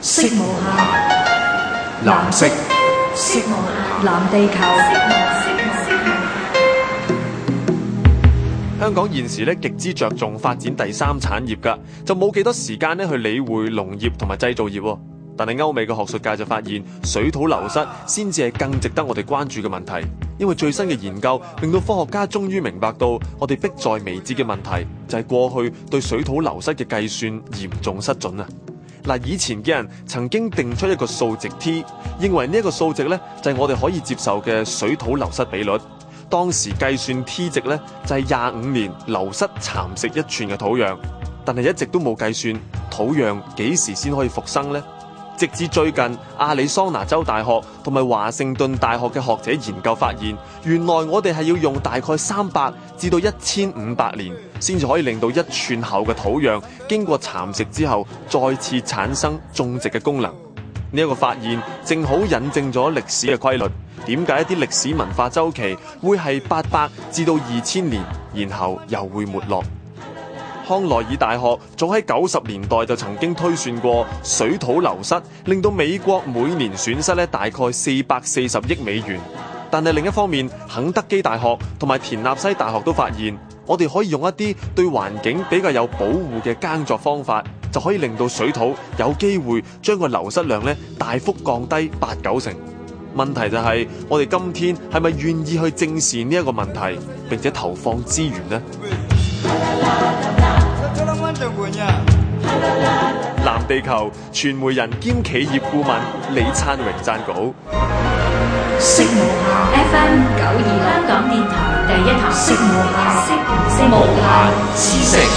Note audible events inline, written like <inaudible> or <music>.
色無限，藍色，色無藍，色藍地球。色色香港現時咧極之着重發展第三產業噶，就冇幾多時間咧去理會農業同埋製造業。但係歐美嘅學術界就發現，水土流失先至係更值得我哋關注嘅問題。因為最新嘅研究令到科學家終於明白到，我哋迫在眉睫嘅問題就係、是、過去對水土流失嘅計算嚴重失準啊！嗱，以前嘅人曾經定出一個數值 t，認為呢一個數值咧就係我哋可以接受嘅水土流失比率。當時計算 t 值，咧就係廿五年流失蠶食一寸嘅土壤，但係一直都冇計算土壤幾時先可以復生咧。直至最近，亞利桑那州大學同埋華盛頓大學嘅學者研究發現，原來我哋係要用大概三百至到一千五百年，先至可以令到一寸厚嘅土壤經過蠶食之後再次產生種植嘅功能。呢、這、一個發現正好引證咗歷史嘅規律。點解一啲歷史文化周期會係八百至到二千年，然後又會沒落？康奈爾大學，早喺九十年代就曾經推算過水土流失令到美國每年損失咧大概四百四十億美元。但係另一方面，肯德基大學同埋田納西大學都發現，我哋可以用一啲對環境比較有保護嘅耕作方法，就可以令到水土有機會將個流失量咧大幅降低八九成。問題就係、是、我哋今天係咪願意去正視呢一個問題，並且投放資源呢？ <music> 藍地球傳媒人兼企業顧問李燦榮撰稿。FM 九二香港電台第一台。